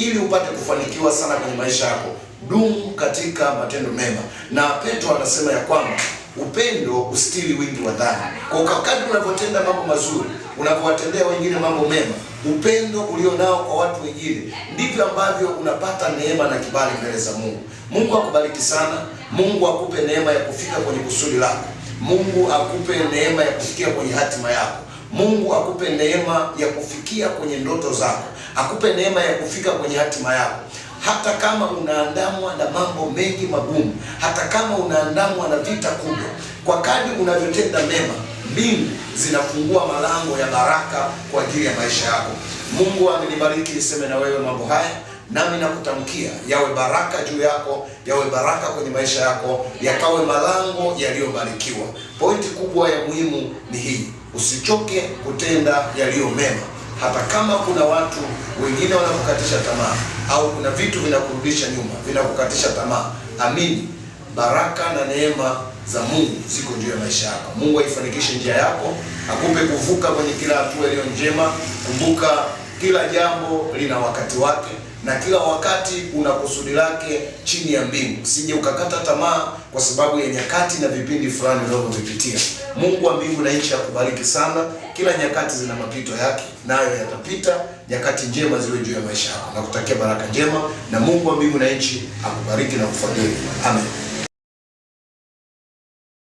ili upate kufanikiwa sana kwenye maisha yako. Dumu katika matendo mema, na Petro anasema ya kwamba upendo ustili wingi wa dhambi. Kwa kadri unavyotenda mambo mazuri, unavyowatendea wengine mambo mema, upendo ulio nao kwa watu wengine, ndivyo ambavyo unapata neema na kibali mbele za Mungu. Mungu akubariki sana. Mungu akupe neema ya kufika kwenye kusudi lako. Mungu akupe neema ya kufikia kwenye hatima yako. Mungu akupe neema ya kufikia kwenye ndoto zako, akupe neema ya kufika kwenye hatima yako hata kama unaandamwa na mambo mengi magumu, hata kama unaandamwa na vita kubwa, kwa kadri unavyotenda mema, mbingu zinafungua malango ya baraka kwa ajili ya maisha yako. Mungu amenibariki niseme na wewe mambo haya nami nakutamkia yawe baraka juu yako, yawe baraka kwenye maisha yako, yakawe malango yaliyobarikiwa. Pointi kubwa ya muhimu ni hii, usichoke kutenda yaliyo mema, hata kama kuna watu wengine wanakukatisha tamaa au kuna vitu vinakurudisha nyuma, vinakukatisha tamaa. Amini, baraka na neema za Mungu ziko juu ya maisha yako. Mungu aifanikishe njia yako, akupe kuvuka kwenye kila hatua iliyo njema. Kumbuka, kila jambo lina wakati wake na kila wakati una kusudi lake chini ya mbingu. Usije ukakata tamaa kwa sababu ya nyakati na vipindi fulani unavyovipitia. Mungu wa mbingu na nchi akubariki sana. Kila nyakati zina mapito yake, nayo yatapita. Nyakati njema ziwe juu ya maisha yako. Nakutakia baraka njema, na Mungu wa mbingu na nchi akubariki na kufadhili. Amen.